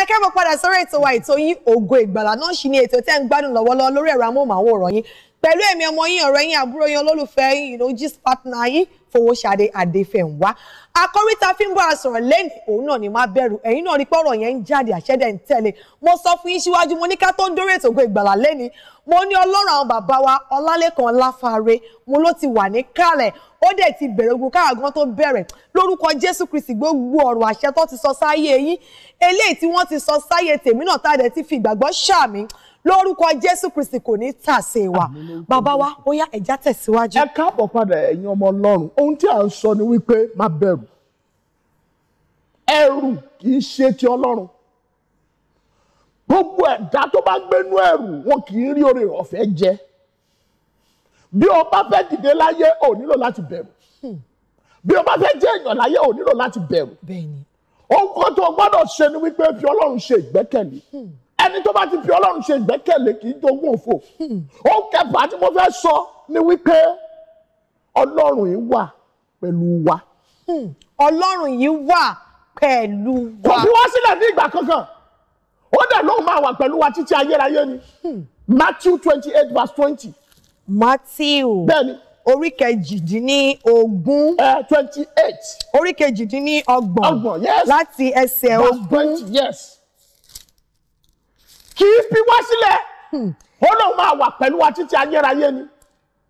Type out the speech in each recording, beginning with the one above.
ẹ kẹ́mọ̀ padà sórí ètò wa ètò yín ògo ìgbàlà náà ṣì ni ètò tẹ́ ń gbádùn lọ́wọ́lọ́wọ́ lórí ẹ̀rọ amóhùnmáwòrán yín pẹ̀lú èmi ọmọ yín ọ̀rẹ́ yín àbúrò yín olólùfẹ́ yín you know gist partner yín Fowóṣadé Adéfẹ̀nwá àkórí tá fi ń bá a sọ̀rọ̀ lẹ́nu òun náà ni má bẹ̀rù ẹ̀yin náà rí pé ọ̀rọ̀ yẹn ń jáde àṣẹ́dẹ̀ ń tẹ̀lé mo sọ fún yín síwájú mo ní ká tó ń dórí ètò Ògo Ìgbàlà lẹ́ni mo ní ọlọ́run àwọn bàbá wa Ọlálékan Láfárè mo ló ti wà ní kálẹ̀ ó dẹ̀ ti bẹ̀rẹ̀ ogun káwa gan tó bẹ̀rẹ̀ lórúkọ jésù kristi gbogbo ọ̀rọ̀ àṣẹ tó ti sọ sáyé yín eléyìí tí wọ́n ti sọ sáyé tèmi náà tá a dẹ̀ ti fi ìgbàgbọ́ ṣàmì lórúkọ jésù kristi kò ní tàsé wa bàbá wa ó yá ẹ̀já tẹ̀síwájú. ẹ káàbọ̀ padà ẹ̀yin ọmọ ọlọ́run ohun tí à ń sọ ni wípé má bẹ̀rù ẹ̀rù kì í ṣe ti ọlọ́run gbogbo ẹ̀dá tó bá gbénú ẹ̀rù wọn kì í rí oore ọ̀fẹ́ jẹ bí o bá fẹ́ dìde láyé o nílò láti bẹ̀rù hmm. bí o bá fẹ́ jẹ́ èèyàn láyé o nílò láti bẹ̀rù ohun kan tó o gbọ́dọ̀ ṣe ni wípé fi ọlọ́run ṣe ìgbẹ́kẹ̀lé hmm. ẹni tó bá ti fi ọlọ́run ṣe ìgbẹ́kẹ̀lé kì í jogún òfò hmm. ohun kẹfà tí mo fẹ́ sọ ni wípé ọlọ́run yìí wà pẹ̀lú wa. ọlọ́run yìí wà pẹ̀lú wa. kò fi wá sílẹ̀ ní ìgbà kankan ó dẹ̀ lóun máa wà pẹ̀lú wa títí ayérayé ni Matthew twenty eight verse twenty Matthew. Bẹ́ẹ̀ni. Orí kejìdínní ogún. Ẹ twenty eight. Orí kejìdínní ọgbọ̀n. Ọgbọ̀n yes. Láti ẹsẹ̀ ogún. twenty yes. Kì í fi wá sílẹ̀. Hmm. Ó lóun máa wà pẹ̀lú wa títí ayérayé ni.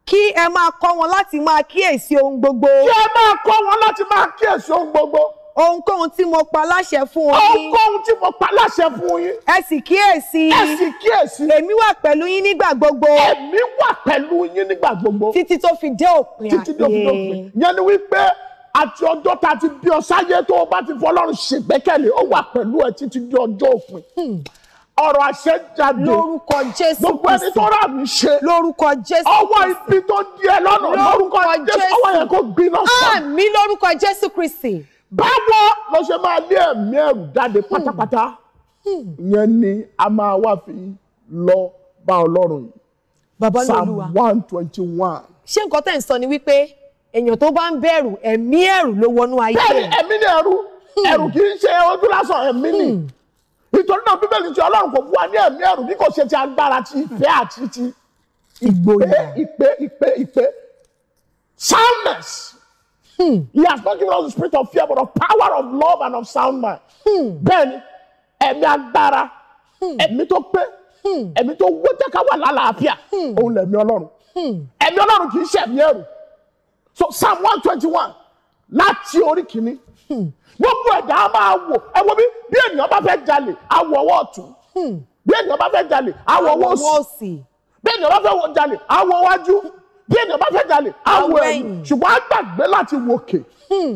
Kí ẹ máa kọ́ wọn láti máa kíyèsí ohun gbogbo. Kí ẹ máa kọ́ wọn láti máa kíyèsí ohun gbogbo ohunkóhun tí mo pa láṣẹ fún yín. ohunkóhun tí mo pa láṣẹ fún yín. ẹ sì kíyèsí. ẹ sì kíyèsí. èmi wà pẹ̀lú yín nígbà gbogbo. èmi wà pẹ̀lú yín nígbà gbogbo. títí tó fi dé òpin àyè. títí tó fi dé òpin yẹn ni wípé àti ọjọ́ tá ti bí ọ sáyé tó o bá ti fọlọ́run ṣègbẹ́kẹ̀lé ó wà pẹ̀lú ẹ títí di ọjọ́ òpin hmm. ọ̀rọ̀ àṣẹ jáde lórúkọ jésù gbogbo ẹni tó rà mí ṣe ọwọ́ ibi tó di ẹ lọ́nà lórúkọ jésù ọwọ́ yẹn kò gbiná sọ. àmì lórúkọ jésù kristi báwo ló ṣe máa lé ẹ̀mí ẹ̀rù jáde hmm. pátápátá hmm. ìyẹn ni a máa wá fi lọ bá Ọlọ́run yìí ní olúwa psalm one twenty one. ṣé nǹkan tẹ̀ ń sọ ni wípé èèyàn tó bá ń bẹ̀rù ẹ̀mí ẹ̀rù ló wọnú ayé rẹ̀. bẹ́ẹ̀ni ẹ̀mí ni ẹ̀rù hmm. ẹ̀rù kì í ṣe ojú lásán ẹ̀mí ni nítorí náà bíbélì ti ọlọ́run kò fún wa ní ẹ̀mí ẹ̀rù bí kò ṣe ti agbára ti ìfẹ́ àti ti ìgboyà ìpè ìpè ìpè ìpè psalmist Hmm. He has not given us the spirit of fear, but of power, of love, and of sound mind. Hmm. Bẹ́ẹ̀ni, ẹ̀mí agbára, hmm. ẹ̀mí tó pé, hmm. ẹ̀mí tó wó jẹ́ ká wà lálàáfíà, òun lẹ̀mí Ọlọ́run. Ẹ̀mí Ọlọ́run kì í ṣẹ̀mí ẹ̀rù. So Psalm 1:21, twenty one láti orí kìíní. Gbogbo ẹ̀dá a máa wò ẹ wo bí bí ènìyàn bá fẹ́ jalè, a ọwọ́ ọ̀tún. Bí ènìyàn bá fẹ́ jalè, a ọwọ́ òsì. Bí ènìyàn bá fẹ́ jalè, a wọ iwájú bí ènìyàn bá fẹ́ jalè àwọ̀ ẹ̀yìn ṣùgbọ́n á gbàgbé láti wòkè hmm.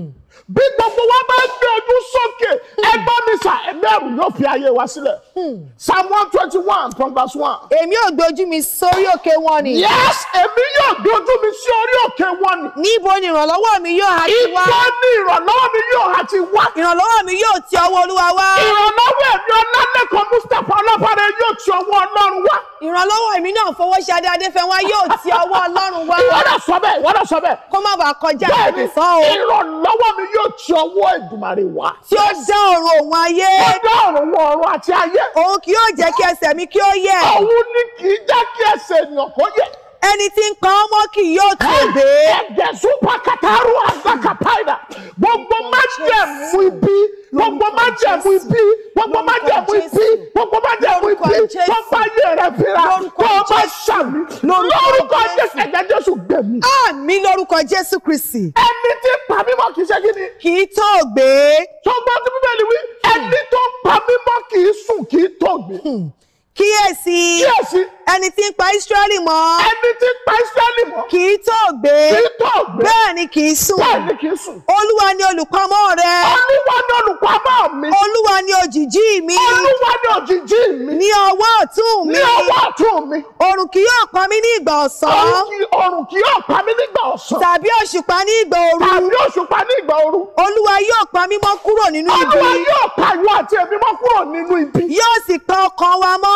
bí gbogbo wa bá gbé ojú sókè ẹ gbọ́ mi sà bẹ́ẹ̀rù yóò fi ayé wa sílẹ̀ hmm. psalm one twenty one point verse one. èmi yóò dojú mi sórí òkè wọn ni. yes èmi yóò dojú mi sí òkè wọn ni. níbo ni ìrànlọ́wọ́ mi yóò ha ti wá. ibo ni ìrànlọ́wọ́ mi yóò ha ti wá. ìrànlọ́wọ́ mi yóò ti ọwọ́ olúwa wá. ìrànlọ́wọ́ èmi ọlálẹ́kọ̀ọ́ mustapha ọlọ́fàdé yóò ti ọwọ́ ọlọ́run wá. ìrànlọ́wọ́ èmi náà fọwọ́ṣadé adéfẹ́wá yóò ti ọwọ́ ọlọ́run wá. ìwọ náà sọ bẹ́ẹ̀ ìwọ náà sọ bẹ́ẹ̀. kó má bàa kọjá àmì sọ o. bẹ́ẹ̀ni ìrànlọ́wọ́ mi yóò ti ọwọ́ Èdùmàrè wá. tí ó dán o ọ̀run òun ayé. ó dá ọ̀run wọ ọ̀run àti ayé. òun kì yóò jẹ́ kí ẹsẹ̀ mi kí ó yẹ̀. òun ni kì í jẹ́ kí ẹsẹ̀ ènìyàn kó yẹ̀ ẹni tí ń kan ọmọ kì yóò tògbé. ẹ̀jẹ̀ súpà kàtàrú àgbàkàtàìdà gbogbo májẹ̀mú ibi gbogbo májẹ̀mú ibi gbogbo májẹ̀mú ibi gbogbo májẹ̀mú ibi tó bá yẹ rẹ fira tó bá ṣàmì lórúkọ jésù ẹ̀jẹ̀ jésù gbẹ̀mí. àmì lórúkọ jésù kristi. ẹni tí pa mí mọ́ kì í ṣe kí ni. kì í tògbé. sọgbọ́n tí bíbélì wí ẹni tó pa mí mọ́ kì í sùn kì í tògbé kíyèsí ẹni tí ń pa Ísírẹ́lì mọ́ ẹni tí ń pa Ísírẹ́lì mọ́ kì í tó gbé bẹ́ẹ̀ ni kì í sùn olúwa ni olùpamọ́ rẹ olúwa ni olùpamọ́ mi olúwa ni òjìjí mi olúwa ni òjìjí mi ní ọwọ́ ọ̀tún mi ní ọwọ́ ọ̀tún mi oòrùn kì yóò pa mí ní ìgbà ọ̀sán oòrùn kì yóò pa mí ní ìgbà ọ̀sán tàbí òṣùpá ní ìgbà òru tàbí òṣùpá ní ìgbà òru olúwa yóò pa mí mọ́ kúrò nínú ibi olúwa yóò pa ìwọ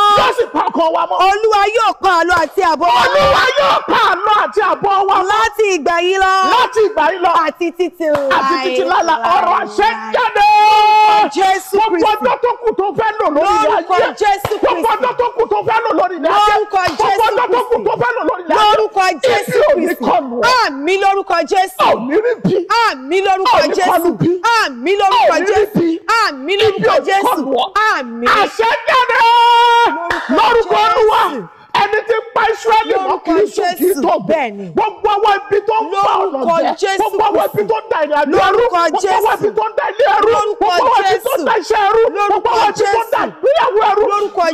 ìpàkọ́ wa mọ́. olúwa yóò pa àlọ́ àti àbọ̀ wa. olúwa yóò pa àlọ́ àti àbọ̀ wa mọ́. láti ìgbà yìí lọ. láti ìgbà yìí lọ. àti títí láì. àti títí lála ọ̀rọ̀ àṣẹ jáde. jésù kristi. gbogbo ọjọ́ tó kù tó fẹ́ lò lórí ilé ayé. lórúkọ jésù kristi. gbogbo ọjọ́ tó kù tó fẹ́ lò lórí ilé ayé. lórúkọ jésù kristi. gbogbo ọjọ́ tó kù tó fẹ́ lò lórí ilé ayé. lórúkọ jésù kristi. àmì lórúkọ jésù. àmì rí bí. àmì lórúkọ jésù. àmì lórúkọ jésù. àmì lórúkọ jésù. àmì. àṣẹ jáde lórúkọ olúwa ẹni tí pa israẹli mọ́ kì í sùn kì í tọgbẹ gbogbo àwọn ibi tó ń fa ọ̀nà jẹ gbogbo àwọn ibi tó ń da ìrìn àjò ẹrú gbogbo àwọn ibi tó ń da ilé ẹrú gbogbo àwọn ibi tó ń da iṣẹ́ ẹrú gbogbo àwọn ibi tó ń da ìgbéyàwó ẹrú lórúkọ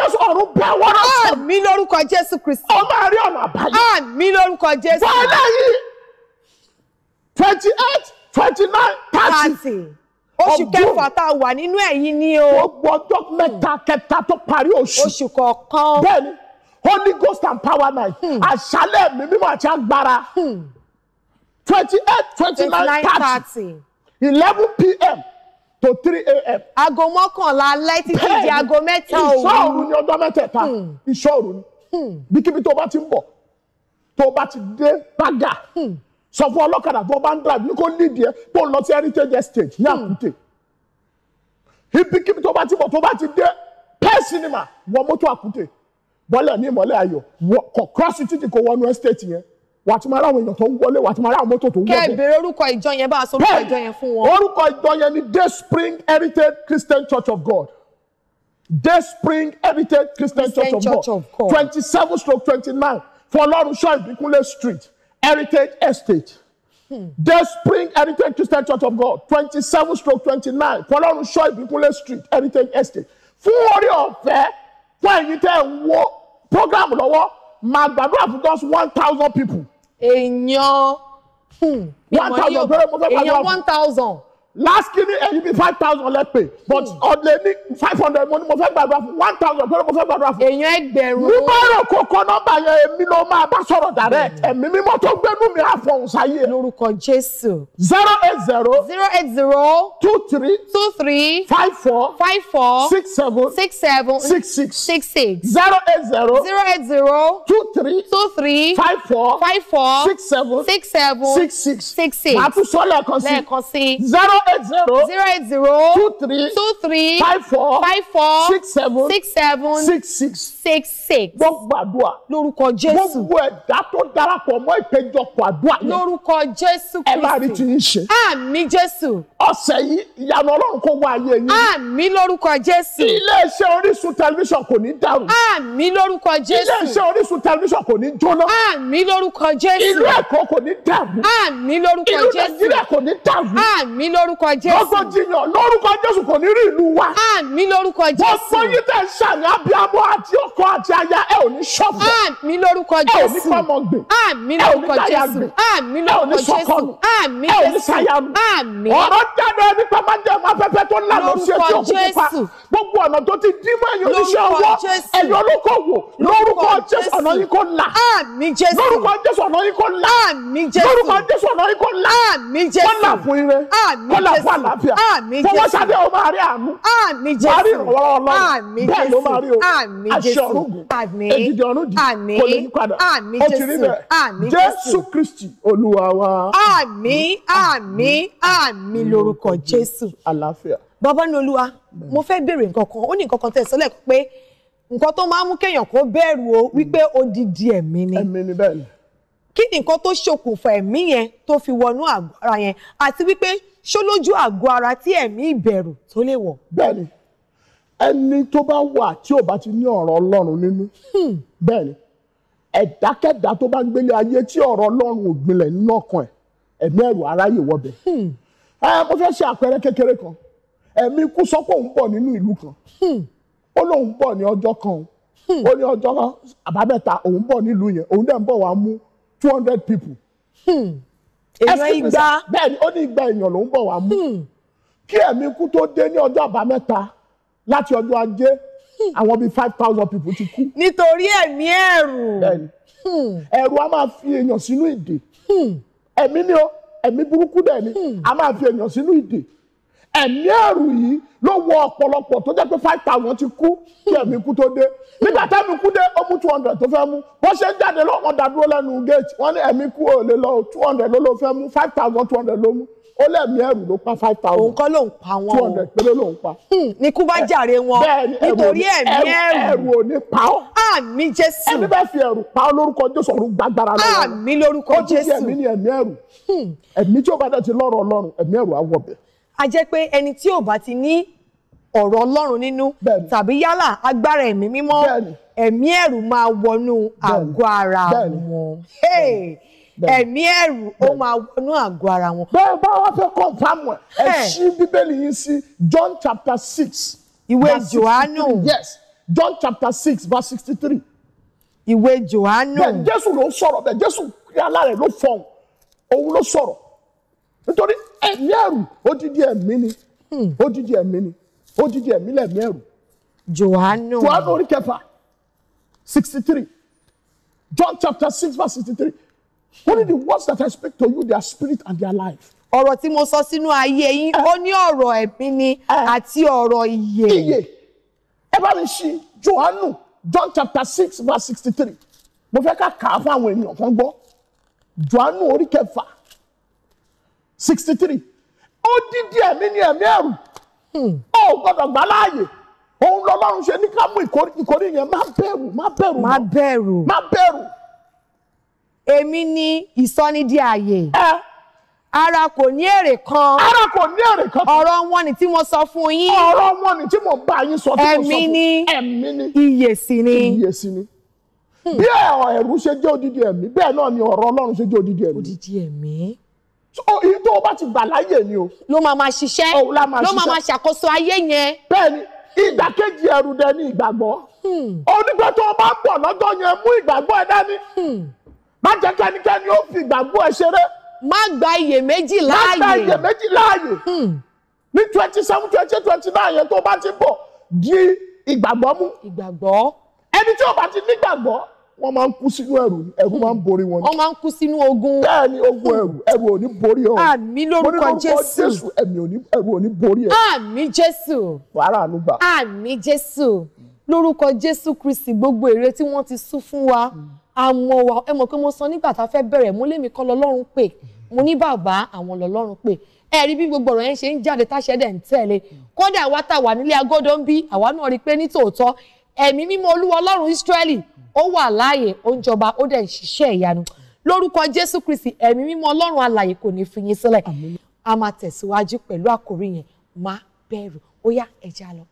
jésù ọ̀run bá wọn. àmì lórúkọ jésù kristi. ó máa rí ọ̀nà àbáyọ. àmì lórúkọ jésù. wọ́n náà yí twenty eight twenty nine thirty oṣù kẹfà tá a wà nínú ẹ̀yìn ni o. gbogbo ọjọ́ mẹ́ta kẹta tó parí oṣù. oṣù kọ̀ọ̀kan. bẹ́ẹ̀ni holy ghost and power night hmm. àṣálẹ̀ mi mímọ́ àti agbára hmm. twenty eight twenty nine thirty eleven pm to three am. aago mọ́kànlá alẹ́ títí di aago mẹ́ta òru. ìṣọ́ òru ni ọjọ́ mẹ́tẹ̀ẹ̀ta hmm. ìṣọ́ òru ni bíkíbi tó bá ti ń bọ̀ tó bá ti dé bága sọ fún ọlọ́kadà tó bá ń drive ní kó lead yẹ tó ń lọ sí heritage estate ní àkúté ibikíbi tó bá ti bọ̀ tó bá ti dé pẹ́ẹ́ sinima wọ mọ́tò àkúté bọ́lẹ̀ ní ìmọ́lẹ̀ ayọ̀ kọ̀ cross títì kò wọnú estate yẹn wà á ti máa ráwọn èèyàn tó ń wọlé wà á ti máa ráwọn mọ́tò tó ń wọlé. kẹ́ ẹ bèrè orúkọ ìjọ yẹn bá a sọ orúkọ ìjọ yẹn fún wọn. orúkọ ìjọ yẹn ni Day Spring Heritage Christian Church of God Day Spring Heritage Christian, Christian Church of God twenty seven stroke twenty nine For fọlọ́run ṣọ́ ìbíkúnlé street Heritage Estate. Hmm. The Spring Heritage Christian Church of God, 27 stroke 29, Fọlọ́run Ṣọ́ Ìbíkúnlé Street, Heritage Estate. Fún orí ọ̀fẹ́ fún ẹ̀yin tẹ́ ń wo program lọ́wọ́, màá gbàdúrà fún just one thousand people. Èèyàn Èèyàn hmm, one thousand last kini ẹyin eh, bi five thousand let pay, but hmm. ọ̀lẹ́ ní five hundred mo ní mo fẹ́ gbàdúrà fún one thousand pẹ̀lú mo fẹ́ gbàdúrà fún. èèyàn ẹgbẹ̀rún. númọ̀rọ̀ kókó nọ́mbà yẹn èmi ló máa bá sọ̀rọ̀ dàrẹ́ hmm. ẹ̀mí mímọ́ tó gbénú mi àfọ̀hún sáyé. lórúkọ jésù. zero eight zero. zero eight zero. two three. two three. five four. five four. six seven. six seven. six six. six six. zero eight zero. zero eight zero. two three. two three. five four. five four. six seven. six seven. six six. six six. màá tún sọ lẹ́ẹ̀kan sí. lẹ́ẹ̀kan sí. zero eight zero. zero eight zero. two three. two three. five four. five four. six seven. six seven. six six. six six. wọ́n gbàdúrà. lórúkọ Jésù. gbogbo ẹ̀dá tó darapọ̀ mọ́ ìpéjọpọ̀ àdúrà yẹn. lórúkọ Jésù Kristu. ẹ máa rí ti ń ṣe. àmì Jésù. ọ̀sẹ̀ yìí ìyanu Ọlọ́run kó wá ayé yín. àmì lórúkọ Jésù. iléeṣẹ́ Orísun tẹlifíṣàn kò ní dàrú. àmì lórúkọ Jésù. iléeṣẹ́ Orísun tẹlifíṣàn kò ní jóná. àmì lórúkọ Jésù. ìlú Èkó kò ní dàrú. àmì lórúkọ Jésù. ìlú Nàìjíríà kò ní dàrú. àmì lórúkọ lórúkọ jésù. gbogbo jiyàn lórúkọ jésù kò ní rí ìlú wa. àmì lórúkọ jésù. gbogbo yín tẹ̀ ń ṣàmì abiyamọ àti ọkọ àti aya ẹ ò ní ṣọ̀fọ̀. àmì lórúkọ jésù. ẹ ò ní fọmọ gbè. àmì lórúkọ jésù. àmì lórúkọ jésù. àmì jésù. ẹ ò ní sàyàmù. àmì. ọ̀rọ̀ jáde ẹni pé má jẹun afẹ́fẹ́ tó lànà sí etí òkú gbogbo ọ̀nà tó ti dí mọ́ ẹ̀yin oníṣẹ́ ọwọ́ ẹ̀yin olókòwò lórúkọ jésù ọ̀nà yín kò là. àmì jésù. lórúkọ jésù ọ̀nà yín kò là. àmì jésù. lórúkọ jésù ọ̀nà yín kò là. àmì jésù. kọ́lá wàhálà fún àlàáfíà fọwọ́ sábẹ́ o máa rí àánú wàá rí ìrànwọ́ ọlọ́run bẹ́ẹ̀ ló máa rí o aṣọ orúgùn èjìdì ọ̀run di kò lè yí padà ó ti rí bẹ́ẹ̀ jésù kristi olúwa wa. àmín àmín àmín lórúkọ jésù. àlàáfíà. bàbá ní olúwa mo fẹ́ béèrè nǹkan kan ó ní nǹkan kan tẹ̀ sọ́lẹ̀ pé nǹkan tó máa ń mú kéèyàn kó bẹ̀rù o hmm. wípé odidi ẹ̀mí ni. ẹ̀mí ni bẹ́ẹ̀ ni kí ni nǹkan tó ṣokùnfà ẹ̀mí yẹn tó fi wọnú àgọ́ yẹn àti wípé ṣó lójú àgọ́ ara tí ẹ̀mí ìbẹ̀rù tó lè wọ̀. bẹ́ẹ̀ni ẹni tó bá wà tí ò bá ti ní ọ̀rọ̀ Ọlọ́run nínú hmm. bẹ́ẹ̀ni ẹ̀dákẹ́dá tó bá ń gbélé ayé tí ọ̀rọ̀ Ọlọ́run ò gbilẹ̀ nínú ọkàn ẹ̀ ẹ̀mí ẹ̀rù aráyè wọbẹ̀. Hmm. ẹ mo fẹ́ ṣe àpẹẹrẹ kékeré kan ẹ̀mí kú sọ pé òun bọ̀ nínú ìlú kan hmm. ó lóun bọ̀ ní ọjọ́ kan ó ní ọjọ́ àbábẹ́ta òun bọ̀ nílùú yẹn òun dẹ̀ ń bọ̀ wá mú two hundred people. Hmm èèyàn igba bẹ́ẹ̀ ni ó ní igba èèyàn ló ń bọ̀ wá mú hmm. kí ẹ̀mí kú tó dé ní ọjọ́ àbámẹ́ta láti ọjọ́ ajé hmm. àwọn bíi five thousand people ti kú. nítorí ẹ̀mí ẹ̀rù. bẹ́ẹ̀ni hmm. ẹ̀rù a máa fi èèyàn sínú ìdè ẹ̀mí ni ó ẹ̀mí burúkú dẹ̀ ni a máa fi èèyàn sínú ìdè ẹ̀mí ẹ̀rù yìí ló wọ ọ̀pọ̀lọpọ̀ tó jẹ́ pé five thousand ti kú kí ẹ̀mí kú tó dé nígbà tẹ́mi kú dé ó mú two hundred tó fẹ́ mú bó ṣe ń jáde lọ wọ́n dàdúró lẹ́nu gate wọ́n ní ẹ̀mí kú ò lè lọ two hundred ló ló fẹ́ mú five thousand two hundred ló mú ó lẹ́mí ẹ̀rù ló pa five thousand. òun kọ́ ló ń pa wọn o two hundred péré ló ń pa. Hmm, ní kú bá jàre wọn nítorí ẹ̀mí ẹ̀rù ẹ̀rù ò ní pa ọ́. mi jésù. ẹni bẹ́ẹ̀ fi ẹ̀rù pa ọ́ lórúkọ jésù ọ̀run gbàgbára lọ́wọ́. mi lórúkọ jésù. ó ti di ẹ̀mí ni ẹ̀mí ẹ̀rù hmm. ẹ̀mí tí ó bá dẹ̀ ti lọ́rọ̀ ọlọ́run ẹ̀mí ẹ̀rù á wọ̀ bẹ́ẹ̀ a jẹ́ pé ẹni tí ò bá ti ní ọ̀rọ̀ Ọlọ́run nínú tàbí yálà agbára ẹ̀mí mímọ́ ẹ̀mí ẹ̀rù máa wọnú àgọ́ ara wọn ẹ̀mí ẹ̀rù ó máa wọnú àgọ́ ara wọn. bẹ́ẹ̀ bá wá fẹ́ kọ́ńfàmù ẹ̀ ṣí bíbélì yìí sí John chapter six. ìwé Jòhánù yes John chapter six verse sixty three. ìwé Jòhánù. bẹ́ẹ̀ Jésù ló sọ̀rọ̀ bẹ́ẹ̀ Jésù alára ẹ̀ ló fọ̀hún òun ló sọ̀rọ̀ nítorí ẹ̀mí ẹ̀rù odidi ẹ̀mí ni odidi hmm. ẹ̀mí ni odidi ẹ̀mí lẹ̀mí ẹ̀rù. Jòhánù Jòhánù orí kẹfà sixty three John chapter six verse sixty three only the words that I speak to you they spirit and they life. Ọ̀rọ̀ tí mo sọ sínú ayé yín eh. ó ní ọ̀rọ̀ ẹ̀mí ni eh. àti ọ̀rọ̀ ìyè. Ìyè ẹ bá mi ṣí Jòhánù John chapter six verse sixty three mo fẹ́ ká kà fún àwọn ènìyàn kan gbọ́ Jòhánù orí kẹfà sixty three ó dídí ẹ̀mí ní ẹ̀mí ẹ̀rù ó hmm. gbọ́dọ̀ gbà láàyè òun lọ́lọ́run ṣe ní ká mú ìkórè yẹn má bẹ̀rù má bẹ̀rù má bẹ̀rù má bẹ̀rù. èmi ni ìsọnídìí ààyè ara kò ní èrè kan ara kò ní èrè kan ọ̀rọ̀ wọn ni tí mo sọ fún yín ọ̀rọ̀ wọn ni tí mo bá yín sọ tí mo sọ fún ẹ̀mí ni ẹ̀mí ni Iye sì ni iyè sì ni hmm. bí ẹ̀rù ṣe jẹ́ odidi ẹ̀mí bẹ́ẹ̀ náà ni ọ̀rọ̀ Ọlọ́run ṣe jẹ́ odidi ẹ̀mí. odidi ẹ̀mí èyí tó o bá ti gbà láyè ni o. ló máa ma ṣiṣẹ́ ló máa ma ṣàkóso ayé yẹn. bẹ́ẹ̀ni ìdàkejì ẹ̀rù dẹ hmm. ní ìgbàgbọ́ onígbà tó o bá ń bọ̀ lọ́jọ́ yẹn mú ìgbàgbọ́ ẹ dání hmm. má jẹ́ kẹ́nikẹ́ni ó fi ìgbàgbọ́ ẹ ṣeré. má gba iyèméjì láàyè má gba iyèméjì láàyè hmm. ní twenty seven twenty twenty nine yẹn tó o bá ti bọ̀ di ìgbàgbọ́ mú. ìgbàgbọ́. ẹni tí o bá ti nígbàgbọ́ wọ́n máa ń kú sínú ẹ̀rù ẹ̀rù máa ń borí wọn. wọ́n máa ń kú sínú ogun. bẹ́ẹ̀ ni ogun ẹ̀rù ẹ̀rù ò ní borí ọ. àmín lórúkọ jésù ẹ̀mí ẹ̀rù ò ní borí ẹ. àmín jésù. wàhálà ló gbà. àmín jésù lórúkọ jésù kristi gbogbo èrè tí wọ́n ti sún fún wa àmọ́ wa ẹ mọ̀ pé mo sọ nígbà tá a fẹ́ bẹ̀rẹ̀ mo lé mi kọ́ lọ́lọ́run pé mo ní bàbá àwọn lọ́lọ́run pé ẹ rí bí gbogbo ọ̀rọ̀ yẹn ṣe ń jáde táṣẹ́ dẹ̀ ń tẹ̀lé kódà wa tá wà nílé agọ́dọ̀ ń bí àwa náà rí i pé nítòótọ́ ẹ̀mí mímọ́ olúwa ọlọ́run Ísírẹ́lì ó wà láàyè ó ń jọba ó dẹ̀ ń ṣiṣẹ́ ìyanu lórúkọ Jésù Kristi ẹ̀mí mímọ́ ọlọ́run alààyè kò ní fi yín sílẹ̀ a máa tẹ̀síwájú pẹ̀lú àkórí yẹn má bẹ̀rù ó yá ẹja lọ.